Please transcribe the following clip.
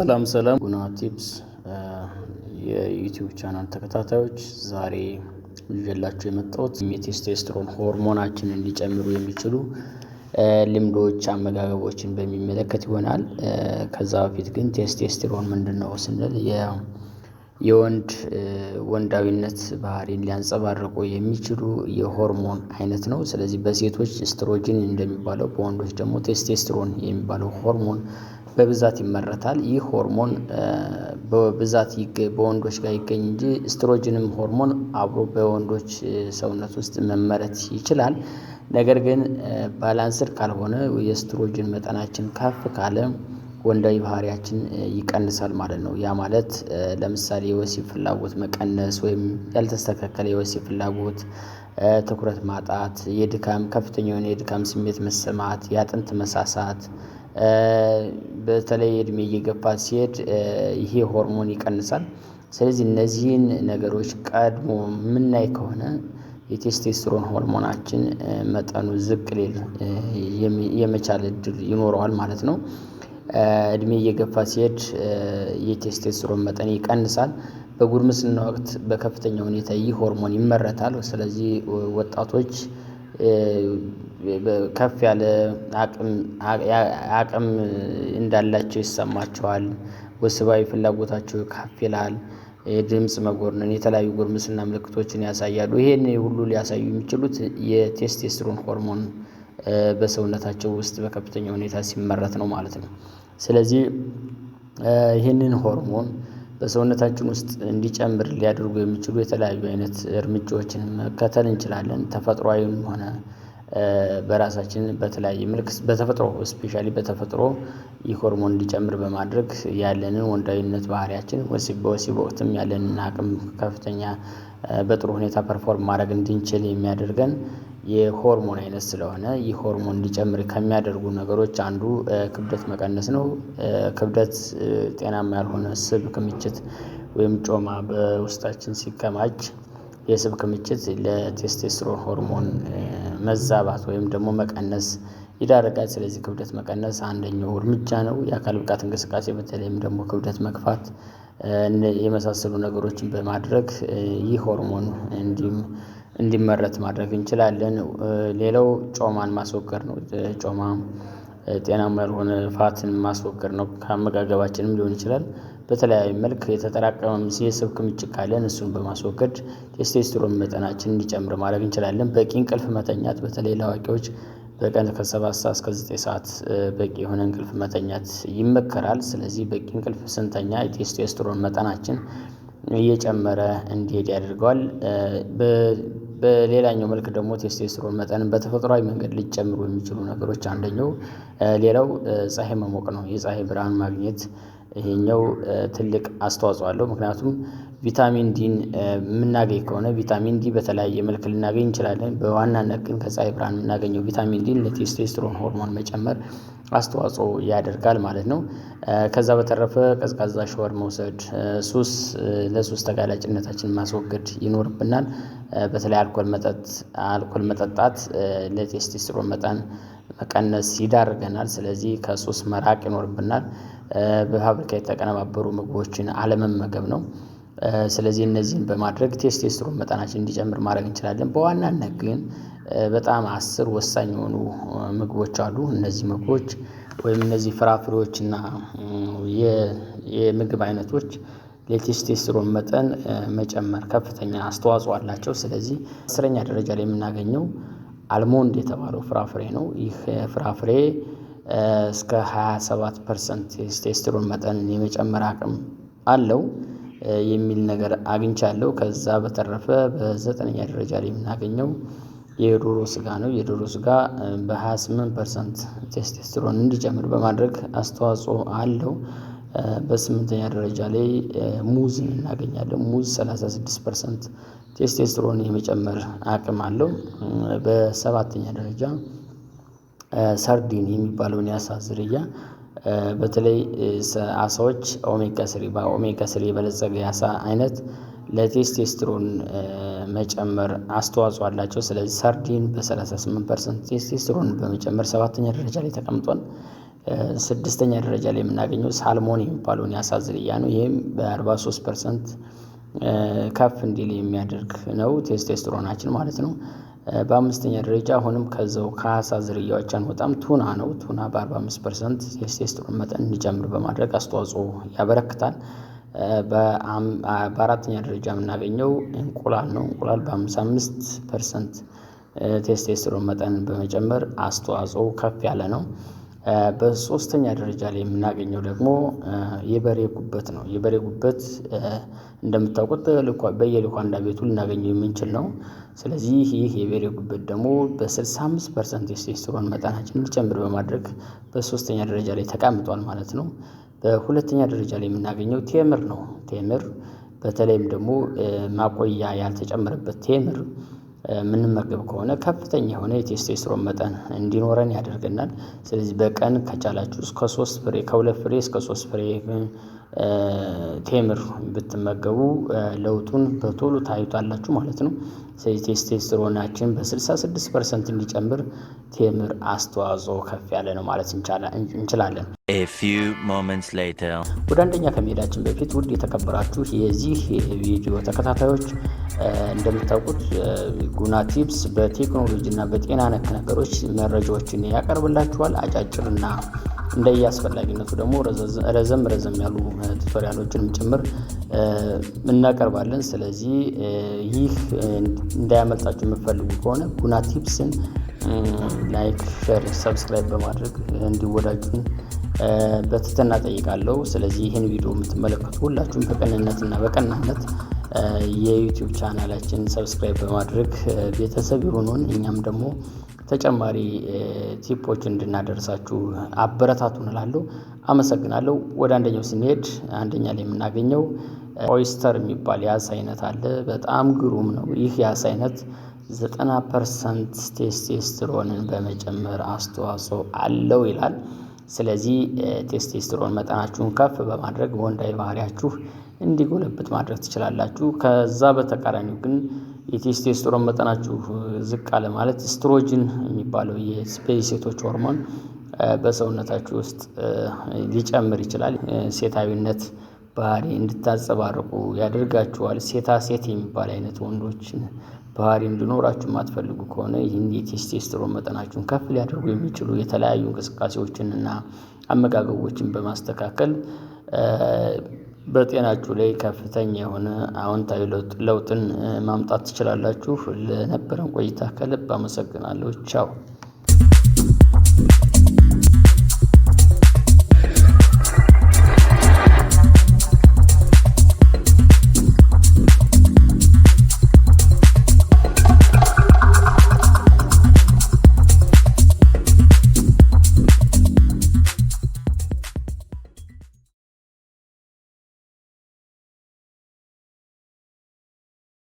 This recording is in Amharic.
ሰላም ሰላም ጉና ቲፕስ የዩቲዩብ ቻናል ተከታታዮች፣ ዛሬ ይዤላችሁ የመጣሁት የቴስቶስትሮን ሆርሞናችንን ሊጨምሩ የሚችሉ ልምዶች፣ አመጋገቦችን በሚመለከት ይሆናል። ከዛ በፊት ግን ቴስቶስትሮን ምንድን ነው ስንል የወንድ ወንዳዊነት ባህሪን ሊያንጸባርቁ የሚችሉ የሆርሞን አይነት ነው። ስለዚህ በሴቶች ስትሮጅን እንደሚባለው በወንዶች ደግሞ ቴስቶስትሮን የሚባለው ሆርሞን በብዛት ይመረታል። ይህ ሆርሞን በብዛት በወንዶች ጋር ይገኝ እንጂ ስትሮጅንም ሆርሞን አብሮ በወንዶች ሰውነት ውስጥ መመረት ይችላል። ነገር ግን ባላንስድ ካልሆነ የስትሮጅን መጠናችን ከፍ ካለ ወንዳዊ ባህሪያችን ይቀንሳል ማለት ነው። ያ ማለት ለምሳሌ የወሲብ ፍላጎት መቀነስ ወይም ያልተስተካከለ የወሲብ ፍላጎት ትኩረት ማጣት የድካም ከፍተኛ የሆነ የድካም ስሜት መሰማት የአጥንት መሳሳት በተለይ እድሜ እየገፋ ሲሄድ ይሄ ሆርሞን ይቀንሳል። ስለዚህ እነዚህን ነገሮች ቀድሞ የምናይ ከሆነ የቴስቴስትሮን ሆርሞናችን መጠኑ ዝቅ ሊል የመቻል እድል ይኖረዋል ማለት ነው። እድሜ እየገፋ ሲሄድ የቴስቴስትሮን መጠን ይቀንሳል። በጉርምስና ወቅት በከፍተኛ ሁኔታ ይህ ሆርሞን ይመረታል። ስለዚህ ወጣቶች ከፍ ያለ አቅም እንዳላቸው ይሰማቸዋል። ወስባዊ ፍላጎታቸው ከፍ ይላል። የድምጽ መጎርነን የተለያዩ ጉርምስና ምልክቶችን ያሳያሉ። ይሄን ሁሉ ሊያሳዩ የሚችሉት የቴስቴስትሮን ሆርሞን በሰውነታቸው ውስጥ በከፍተኛ ሁኔታ ሲመረት ነው ማለት ነው። ስለዚህ ይህንን ሆርሞን በሰውነታችን ውስጥ እንዲጨምር ሊያደርጉ የሚችሉ የተለያዩ አይነት እርምጃዎችን መከተል እንችላለን ተፈጥሯዊም ሆነ በራሳችን በተለያየ መልክ በተፈጥሮ ስፔሻሊ በተፈጥሮ ይህ ሆርሞን እንዲጨምር በማድረግ ያለንን ወንዳዊነት ባህሪያችን ወሲብ በወሲብ ወቅትም ያለንን አቅም ከፍተኛ በጥሩ ሁኔታ ፐርፎርም ማድረግ እንድንችል የሚያደርገን የሆርሞን አይነት ስለሆነ ይህ ሆርሞን እንዲጨምር ከሚያደርጉ ነገሮች አንዱ ክብደት መቀነስ ነው። ክብደት ጤናማ ያልሆነ ስብ ክምችት ወይም ጮማ በውስጣችን ሲከማች የስብ ክምችት ለቴስቴስትሮን ሆርሞን መዛባት ወይም ደግሞ መቀነስ ይዳረጋል። ስለዚህ ክብደት መቀነስ አንደኛው እርምጃ ነው። የአካል ብቃት እንቅስቃሴ በተለይም ደግሞ ክብደት መግፋት የመሳሰሉ ነገሮችን በማድረግ ይህ ሆርሞን እንዲሁም እንዲመረት ማድረግ እንችላለን። ሌላው ጮማን ማስወገድ ነው። ጮማ ጤናማ ያልሆነ ፋትን ማስወገድ ነው ከአመጋገባችንም ሊሆን ይችላል። በተለያዩ መልክ የተጠራቀመም የስብ ክምችት ካለን እሱን በማስወገድ ቴስቴስትሮን መጠናችን እንዲጨምር ማድረግ እንችላለን። በቂ እንቅልፍ መተኛት በተለይ ለአዋቂዎች በቀን ከሰባት ሰዓት እስከ ዘጠኝ ሰዓት በቂ የሆነ እንቅልፍ መተኛት ይመከራል። ስለዚህ በቂ እንቅልፍ ስንተኛ የቴስቴስትሮን መጠናችን እየጨመረ እንዲሄድ ያደርገዋል። በሌላኛው መልክ ደግሞ ቴስቴስሮ መጠን በተፈጥሯዊ መንገድ ሊጨምሩ የሚችሉ ነገሮች አንደኛው ሌላው ፀሐይ መሞቅ ነው። የፀሐይ ብርሃን ማግኘት ይሄኛው ትልቅ አስተዋጽኦ አለው። ምክንያቱም ቪታሚን ዲን የምናገኝ ከሆነ ቪታሚን ዲ በተለያየ መልክ ልናገኝ እንችላለን በዋናነት ግን ከፀሀይ ብርሃን የምናገኘው ቪታሚን ዲን ለቴስቴስትሮን ሆርሞን መጨመር አስተዋጽኦ ያደርጋል ማለት ነው። ከዛ በተረፈ ቀዝቃዛ ሸወር መውሰድ ሱስ ለሱስ ተጋላጭነታችን ማስወገድ ይኖርብናል። በተለይ አልኮል መጠጥ አልኮል መጠጣት ለቴስቴስትሮን መጠን መቀነስ ይዳርገናል ስለዚህ ከሱስ መራቅ ይኖርብናል በፋብሪካ የተቀነባበሩ ምግቦችን አለመመገብ ነው። ስለዚህ እነዚህን በማድረግ ቴስቴስትሮን መጠናችን እንዲጨምር ማድረግ እንችላለን። በዋናነት ግን በጣም አስር ወሳኝ የሆኑ ምግቦች አሉ እነዚህ ምግቦች ወይም እነዚህ ፍራፍሬዎች እና የምግብ አይነቶች የቴስቴስትሮን መጠን መጨመር ከፍተኛ አስተዋጽኦ አላቸው። ስለዚህ አስረኛ ደረጃ ላይ የምናገኘው አልሞንድ የተባለው ፍራፍሬ ነው። ይህ ፍራፍሬ እስከ 27 ፐርሰንት የቴስቴስትሮን መጠንን የመጨመር አቅም አለው የሚል ነገር አግኝቻለሁ። ከዛ በተረፈ በዘጠነኛ ደረጃ ላይ የምናገኘው የዶሮ ስጋ ነው። የዶሮ ስጋ በ28 ፐርሰንት ቴስቴስትሮን እንዲጨምር በማድረግ አስተዋጽኦ አለው። በስምንተኛ ደረጃ ላይ ሙዝ እናገኛለን። ሙዝ 36 ፐርሰንት ቴስቴስትሮን የመጨመር አቅም አለው። በሰባተኛ ደረጃ ሰርዲን የሚባለውን የአሳ ዝርያ በተለይ አሳዎች ኦሜጋ ስሪ በኦሜጋ ስሪ የበለጸገ የአሳ አይነት ለቴስቴስትሮን መጨመር አስተዋጽኦ አላቸው። ስለዚህ ሳርዲን በ38 ፐርሰንት ቴስቴስትሮን በመጨመር ሰባተኛ ደረጃ ላይ ተቀምጧል። ስድስተኛ ደረጃ ላይ የምናገኘው ሳልሞን የሚባለውን የአሳ ዝርያ ነው። ይህም በ43 ፐርሰንት ከፍ እንዲል የሚያደርግ ነው ቴስቴስትሮናችን ማለት ነው። በአምስተኛ ደረጃ አሁንም ከዛው ከአሳ ዝርያዎች አንወጣም። ቱና ነው። ቱና በ45 ፐርሰንት የቴስቴስትሮን መጠን እንዲጨምር በማድረግ አስተዋጽኦ ያበረክታል። በአራተኛ ደረጃ የምናገኘው እንቁላል ነው። እንቁላል በ55 ፐርሰንት ቴስቴስትሮን መጠን በመጨመር አስተዋጽኦ ከፍ ያለ ነው። በሶስተኛ ደረጃ ላይ የምናገኘው ደግሞ የበሬ ጉበት ነው። የበሬ ጉበት እንደምታውቁት በየልኳንዳ ቤቱ ልናገኘው የምንችል ነው። ስለዚህ ይህ የበሬ ጉበት ደግሞ በ65 ፐርሰንት የቴስቶስትሮን መጠናችን ጨምር በማድረግ በሶስተኛ ደረጃ ላይ ተቀምጧል ማለት ነው። በሁለተኛ ደረጃ ላይ የምናገኘው ቴምር ነው። ቴምር በተለይም ደግሞ ማቆያ ያልተጨመረበት ቴምር የምንመገብ ከሆነ ከፍተኛ የሆነ የቴስቴስትሮን መጠን እንዲኖረን ያደርገናል። ስለዚህ በቀን ከቻላችሁ እስከ ሶስት ፍሬ ከሁለት ፍሬ እስከ ሶስት ፍሬ ቴምር ብትመገቡ ለውጡን በቶሎ ታዩታላችሁ ማለት ነው። ቴስቴስትሮናችን በ66 ፐርሰንት እንዲጨምር ቴምር አስተዋጽኦ ከፍ ያለ ነው ማለት እንችላለን። ወደ አንደኛ ከመሄዳችን በፊት ውድ የተከበራችሁ የዚህ ቪዲዮ ተከታታዮች እንደምታውቁት ጉና ቲፕስ በቴክኖሎጂ እና በጤና ነክ ነገሮች መረጃዎችን ያቀርብላችኋል አጫጭርና እንደ አስፈላጊነቱ ደግሞ ረዘም ረዘም ያሉ ቱቶሪያሎችንም ጭምር እናቀርባለን። ስለዚህ ይህ እንዳያመልጣችሁ የምትፈልጉ ከሆነ ጉና ቲፕስን ላይክ፣ ሸር ሰብስክራይብ በማድረግ እንዲወዳጁን በትህትና ጠይቃለሁ። ስለዚህ ይህን ቪዲዮ የምትመለከቱ ሁላችሁም በቅንነትና በቀናነት የዩቲዩብ ቻናላችን ሰብስክራይብ በማድረግ ቤተሰብ የሆኑን እኛም ደግሞ ተጨማሪ ቲፖች እንድናደርሳችሁ አበረታቱን እላለሁ። አመሰግናለሁ። ወደ አንደኛው ስንሄድ አንደኛ ላይ የምናገኘው ኦይስተር የሚባል የአሳ አይነት አለ። በጣም ግሩም ነው። ይህ የአሳ አይነት ዘጠና ፐርሰንት ቴስቴስትሮንን በመጨመር አስተዋጽኦ አለው ይላል። ስለዚህ ቴስቴስትሮን መጠናችሁን ከፍ በማድረግ ወንዳዊ ባህሪያችሁ እንዲጎለብት ማድረግ ትችላላችሁ። ከዛ በተቃራኒው ግን የቴስቴስትሮን መጠናችሁ ዝቅ አለ ማለት ስትሮጅን የሚባለው ሴቶች ሆርሞን በሰውነታችሁ ውስጥ ሊጨምር ይችላል። ሴታዊነት ባህሪ እንድታንጸባርቁ ያደርጋችኋል። ሴታ ሴት የሚባል አይነት ወንዶችን ባህሪ እንዲኖራችሁ የማትፈልጉ ከሆነ ይህን የቴስቴስትሮን መጠናችሁን ከፍ ሊያደርጉ የሚችሉ የተለያዩ እንቅስቃሴዎችን እና አመጋገቦችን በማስተካከል በጤናችሁ ላይ ከፍተኛ የሆነ አዎንታዊ ለውጥን ማምጣት ትችላላችሁ። ለነበረን ቆይታ ከልብ አመሰግናለሁ። ቻው